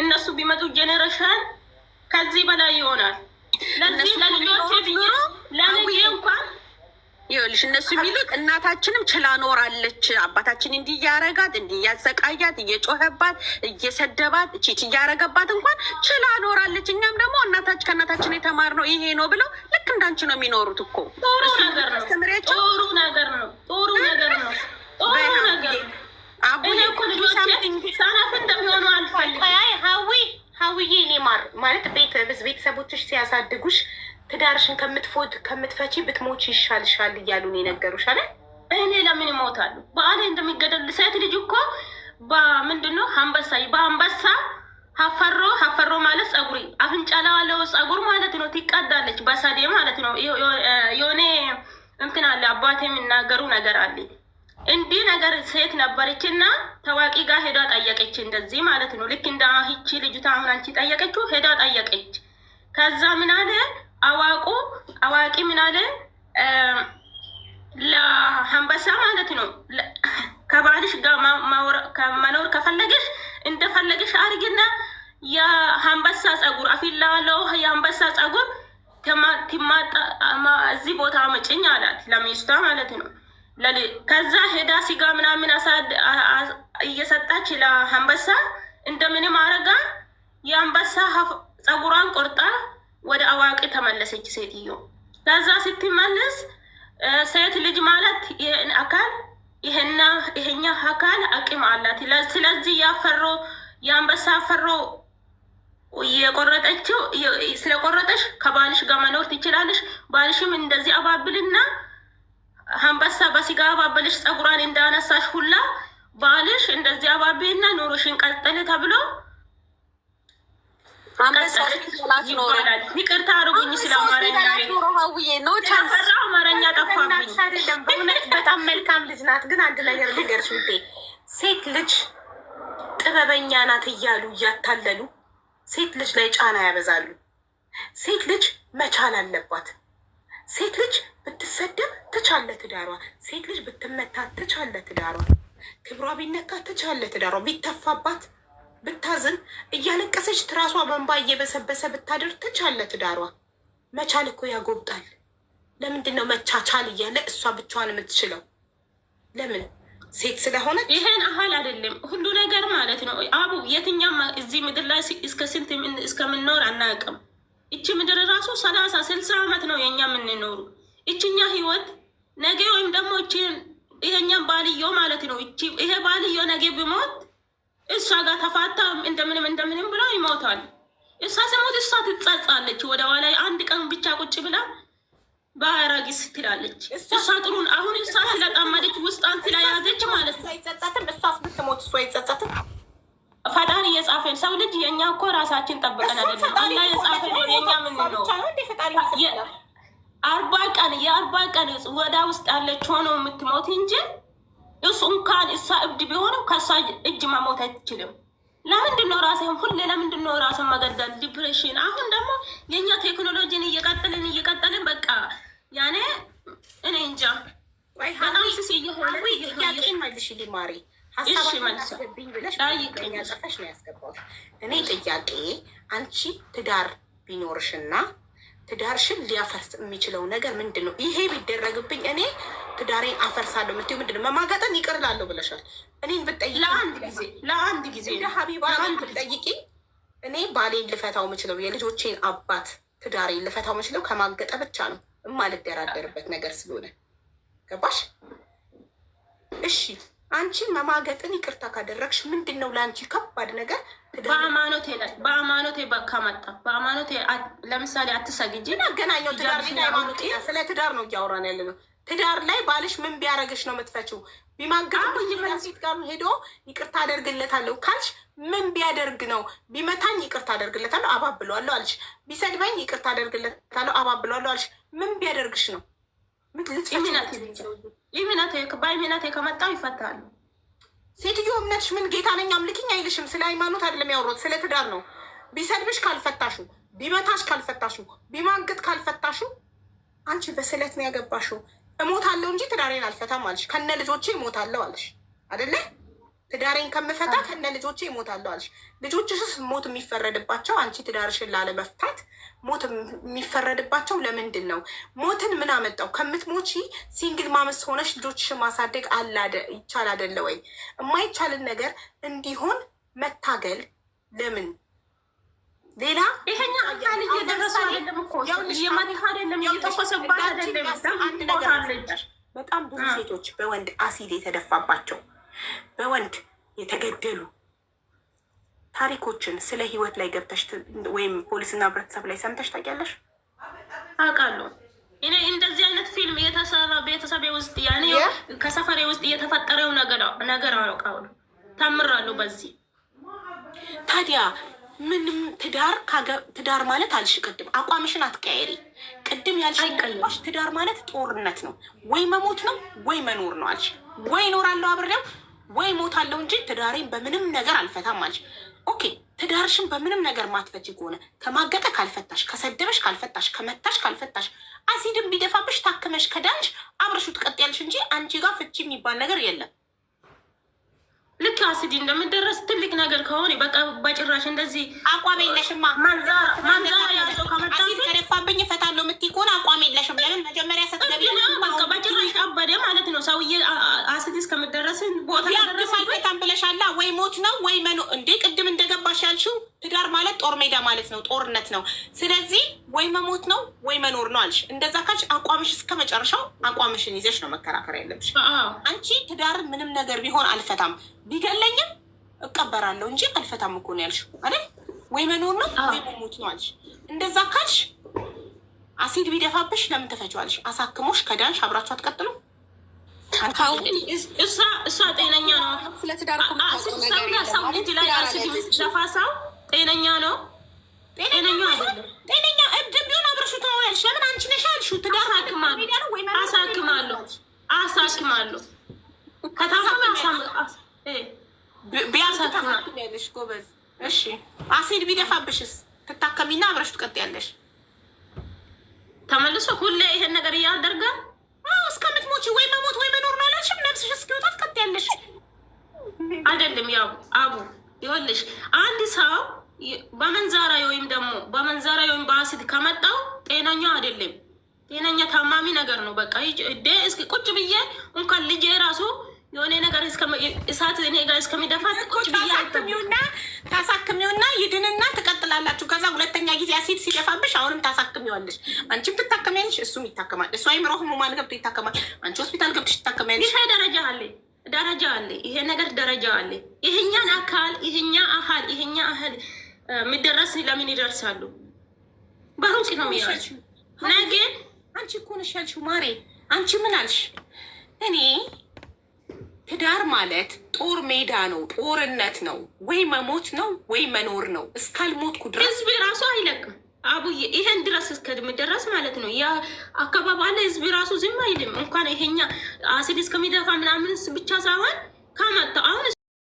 እነሱ ቢመጡ ጀኔሬሽን ከዚህ በላይ ይሆናል። ለዚህ ይኸውልሽ እነሱ የሚሉት እናታችንም ችላ ኖራለች፣ አባታችን እንዲህ እያረጋት እንዲህ እያዘቃያት እየጮኸባት እየሰደባት ቺት እያረገባት እንኳን ችላ ኖራለች። እኛም ደግሞ እናታች ከእናታችን የተማርነው ይሄ ነው ብለው ልክ እንዳንቺ ነው የሚኖሩት እኮ ጥሩ ነገር ነው። ጥሩ ነገር ነው። ጥሩ ነገር ነው። ጥሩ ነገር ነው። ሀዊዬ እኔ ማር ማለት ቤተሰቦችሽ ሲያሳድጉሽ ትዳርሽን ከምትፎድ ከምትፈቺ ብትሞች ይሻልሻል እያሉ ነው የነገሩሽ አለ። እኔ ለምን ይሞታሉ? በአል እንደሚገደሉ ሴት ልጅ እኮ በምንድነው አንበሳ በአንበሳ ሀፈሮ ሀፈሮ ማለት ጸጉሪ አፍንጫ ላለው ጸጉር ማለት ነው። ትቀዳለች በሰዴ ማለት ነው። የሆነ እንትን አለ አባቴ የሚናገሩ ነገር አለ እንዲህ ነገር ሴት ነበረችና ታዋቂ ጋር ሄዳ ጠየቀች። እንደዚህ ማለት ነው። ልክ እንደ አህቺ ልጅቷ አሁን አንቺ ጠየቀችው፣ ሄዳ ጠየቀች። ከዛ ምናለ አዋቁ አዋቂ ምናለ ለሀንበሳ ለአንበሳ ማለት ነው ከባልሽ ጋር መኖር ከፈለገሽ እንደፈለገሽ አድርግና የአንበሳ ጸጉር አፊላለው የአንበሳ ጸጉር ትማጣ እዚህ ቦታ መጭኝ አላት ለሚስቷ ማለት ነው። ከዛ ሄዳ ሲጋ ምናምን እየሰጣች ለአንበሳ እንደምንም አረጋ። የአንበሳ ፀጉሯን ቆርጣ ወደ አዋቂ ተመለሰች ሴትዮ። ከዛ ስትመለስ ሴት ልጅ ማለት ይህን አካል ይሄኛ አካል አቅም አላት። ስለዚህ ያፈሮ የአንበሳ ፈሮ የቆረጠችው ስለቆረጠሽ ከባልሽ ጋር መኖር ትችላለሽ። ባልሽም እንደዚህ አባብልና አንበሳ በሲጋ አባበልሽ ጸጉሯን እንዳነሳሽ ሁላ ባልሽ እንደዚህ አባቤና ኑሮሽን ቀጥል ተብሎ ይቅርታ አርጉኝ። ስለ አማርኛ ያፈራው አማርኛ ጠፋብኝ። በእውነት በጣም መልካም ልጅ ናት፣ ግን አንድ ነገር ልንገርሽ ውዴ፣ ሴት ልጅ ጥበበኛ ናት እያሉ እያታለሉ ሴት ልጅ ላይ ጫና ያበዛሉ። ሴት ልጅ መቻል አለባት። ሴት ልጅ ብትሰደብ ተቻለ ትዳሯ፣ ሴት ልጅ ብትመታ ተቻለ ትዳሯ፣ ክብሯ ቢነካ ተቻለ ትዳሯ፣ ቢተፋባት ብታዝን እያለቀሰች ትራሷ በንባ እየበሰበሰ ብታደር ተቻለ ትዳሯ። መቻል እኮ ያጎብጣል። ለምንድን ነው መቻቻል እያለ እሷ ብቻዋን የምትችለው? ለምን ሴት ስለሆነ ይሄን አህል አይደለም ሁሉ ነገር ማለት ነው። አቡ የትኛም እዚህ ምድር ላይ እስከ ስንት እስከምንኖር አናውቅም። እቺ ምድር ራሱ ሰላሳ ስልሳ ዓመት ነው የእኛ የምንኖሩ። እችኛ ህይወት ነገ ወይም ደግሞ ይሄኛም ባልዮ ማለት ነው። እቺ ይሄ ባልዮ ነገ ብሞት እሷ ጋር ተፋታ እንደምንም እንደምንም ብሎ ይሞታል። እሷ ስሞት እሷ ትጸጻለች። ወደ ኋላ አንድ ቀን ብቻ ቁጭ ብላ በአራጊስ ትላለች። እሷ ጥሩን አሁን እሷ ስለጣመደች ውስጣን ስለያዘች ማለት ነው። አይጸጸትም። እሷስ ብትሞት እሱ አይጸጸትም። ፈጣሪ የጻፈን ሰው ልጅ የእኛ እኮ ራሳችን ጠብቀን አይደለም አላ የጻፈ አርባ ቀን የአርባ ቀን ወዳ ውስጥ ያለች ሆነው የምትሞት እንጂ እሱ እንኳን እሷ እብድ ቢሆንም ከእሷ እጅ መሞት አይችልም። ለምንድን ነው ራሴን ሁሌ ለምንድን ነው ራሴን መገደል? ዲፕሬሽን። አሁን ደግሞ የእኛ ቴክኖሎጂን እየቀጠልን እየቀጠልን በቃ ያኔ እኔ እንጃ ጥያቄ አንቺ ትዳር ቢኖርሽና ትዳርሽን ሊያፈርስ የሚችለው ነገር ምንድን ነው? ይሄ ቢደረግብኝ እኔ ትዳሬን አፈርሳለሁ የምትይው ምንድን ነው? መማገጠን ይቀርላለሁ ብለሻል። እኔን ብትጠይቂ ለአንድ ጊዜ ለአንድ ጊዜ እንደ ሀቢባ ብትጠይቂ እኔ ባሌን ልፈታው የምችለው የልጆቼን አባት ትዳሬን ልፈታው የምችለው ከማገጠ ብቻ ነው የማልደራደርበት ነገር ስለሆነ ገባሽ? እሺ አንቺ መማገጥን ይቅርታ ካደረግሽ ምንድን ነው ለአንቺ ከባድ ነገር? በአማኖቴ ላይ በአማኖቴ በካ መጣ በአማኖቴ ለምሳሌ አትሰግጂ አገናኘው ትዳር ሃይማኖት ስለ ትዳር ነው እያወራን ያለ ነው። ትዳር ላይ ባልሽ ምን ቢያደረግሽ ነው የምትፈችው? ቢማገጥሴት ጋር ሄዶ ይቅርታ አደርግለታለሁ ካልሽ ምን ቢያደርግ ነው? ቢመታኝ ይቅርታ አደርግለታለሁ አባብለዋለሁ አልሽ። ቢሰድበኝ ይቅርታ አደርግለታለሁ አባብለዋለሁ አልሽ። ምን ቢያደርግሽ ነው ልትፈች በእምነት ከመጣው ይፈታሉ። ሴትዮ እምነትሽ ምን ጌታ ነኝ አምልኪኝ አይልሽም። ስለ ሃይማኖት አይደለም ያወሩት፣ ስለ ትዳር ነው። ቢሰድብሽ ካልፈታሹ፣ ቢመታሽ ካልፈታሹ፣ ቢማግጥ ካልፈታሹ፣ አንቺ በስለት ነው ያገባሽው። እሞታለሁ እንጂ ትዳሬን አልፈታም አለሽ። ከነ ልጆቼ እሞታለሁ አለሽ አደለ? ትዳሬን ከምፈታ ከነ ልጆቼ ይሞታሉ አለሽ። ልጆችሽስ ሞት የሚፈረድባቸው አንቺ ትዳርሽን ላለመፍታት ሞት የሚፈረድባቸው ለምንድን ነው? ሞትን ምን አመጣው? ከምትሞቺ ሲንግል ማመስ ሆነሽ ልጆችሽን ማሳደግ ይቻል አደለ ወይ? የማይቻልን ነገር እንዲሆን መታገል ለምን? ሌላ ይሄኛ አካል እየደረሰ አይደለም እኮ የመታ አይደለም እየተኮሰባት አይደለም። በጣም ብዙ ሴቶች በወንድ አሲድ የተደፋባቸው በወንድ የተገደሉ ታሪኮችን ስለ ህይወት ላይ ገብተሽ ወይም ፖሊስና ህብረተሰብ ላይ ሰምተሽ ታውቂያለሽ? አውቃለሁ። እኔ እንደዚህ አይነት ፊልም የተሰራ ቤተሰቤ ውስጥ ያኔ ከሰፈሬ ውስጥ እየተፈጠረው ነገር አውቃለሁ፣ ታምራለሁ። በዚህ ታዲያ ምንም ትዳር ትዳር ማለት አልሽ፣ ቅድም አቋምሽን አትቀያየሪ። ቅድም ያልሽ ትዳር ማለት ጦርነት ነው፣ ወይ መሞት ነው ወይ መኖር ነው አልሽ። ወይ እኖራለሁ አብሬው ወይ ሞታለሁ እንጂ ትዳሬን በምንም ነገር አልፈታም አለች። ኦኬ ትዳርሽን በምንም ነገር ማትፈች ከሆነ ከማገጠ ካልፈታሽ፣ ከሰደበሽ ካልፈታሽ፣ ከመታሽ ካልፈታሽ፣ አሲድም ቢደፋብሽ ታክመሽ ከዳንሽ አብረሹ ትቀጥያለሽ እንጂ አንቺ ጋር ፍቺ የሚባል ነገር የለም። ልክ አሲድ እንደምደረስ ትልቅ ነገር ከሆነ በቃ በጭራሽ እንደዚህ አቋም የለሽማ። ማንዛር ያለው እፈታለሁ የምትይ ከሆነ አቋም የለሽም። ለምን መጀመሪያ ስትገቢ በጭራሽ አበደ ማለት ነው ሰውዬ ራስን ቦታ ያድማል ብለሻላ። ወይ ሞት ነው ወይ መኖ እንዴ! ቅድም እንደገባሽ ያልሽው ትዳር ማለት ጦር ሜዳ ማለት ነው፣ ጦርነት ነው። ስለዚህ ወይ መሞት ነው ወይ መኖር ነው አልሽ። እንደዛ ካልሽ አቋምሽ እስከ መጨረሻው አቋምሽን ይዘሽ ነው መከራከር ያለብሽ። አንቺ ትዳር ምንም ነገር ቢሆን አልፈታም፣ ቢገለኝም እቀበራለሁ እንጂ አልፈታም እኮ ነው ያልሽው አይደል? ወይ መኖር ነው ወይ መሞት ነው አልሽ። እንደዛ ካልሽ አሲድ ቢደፋብሽ ለምን ተፈችዋልሽ? አሳክሞሽ ከዳንሽ አብራችሁ አትቀጥሉ እሷ ጤነኛ ነው። ሰው ሰው ጤነኛ ነው። ጤነኛ እብድም ቢሆን አብረሽው ተወያይሽ። ለምን አንቺ ነሽ ያልሽው። አሳክማለሁ አሳክማለሁ ከታመመ ቢያሳክማለሽ። ጎበዝ እሺ። አሲድ ቢደፋብሽስ ትታከሚና አብረሽው ትቀጥያለሽ። ተመልሶ ሁሌ ይሄን ነገር እያደርጋል እስከምትሞቺ ወይ መሞት ወይ ያው አቡ ይኸውልሽ አንድ ሰው በመንዛራ ወይም ደግሞ በመንዛራ ወይም በአሲድ ከመጣው ጤነኛ አይደለም። ጤነኛ ታማሚ ነገር ነው። በቃ እዴ እስኪ ቁጭ ብዬ እንኳን ልጄ ራሱ የሆነ ነገር እሳት እኔ ጋር እስከሚደፋ ቁጭ ብዬ ታሳክሚውና ታሳክሚውና ይድንና ትቀጥላላችሁ። ከዛ ሁለተኛ ጊዜ አሲድ ሲደፋብሽ አሁንም ታሳክሚዋለሽ። አንቺም ትታከሚያለሽ፣ እሱም ይታከማል። እሱ አይምሮ ህሙማን ገብቶ ይታከማል። አንቺ ሆስፒታል ገብተሽ ትታከሚያለሽ። ይሄ ደረጃ አለኝ ደረጃ አለ። ይሄ ነገር ደረጃ አለ። ይሄኛን አካል ይሄኛ አካል ይሄኛ አህል የሚደረስ ለምን ይደርሳሉ? በሩጭ ነው የሚያልሽው። ነገ አንቺ እኮ ነሽ ያልሽው ማሬ። አንቺ ምን አልሽ? እኔ ትዳር ማለት ጦር ሜዳ ነው፣ ጦርነት ነው። ወይ መሞት ነው ወይ መኖር ነው። እስካልሞትኩ ድረስ ህዝብ ራሱ አይለቅም አቡዬ ይሄን ድረስ እስከምደረስ ማለት ነው። ያ አካባቢ አለ ህዝብ ራሱ ዝም አይልም። እንኳን ይሄኛ አሲድ እስከሚደፋ ምናምን ብቻ ሳይሆን ካመጣው አሁን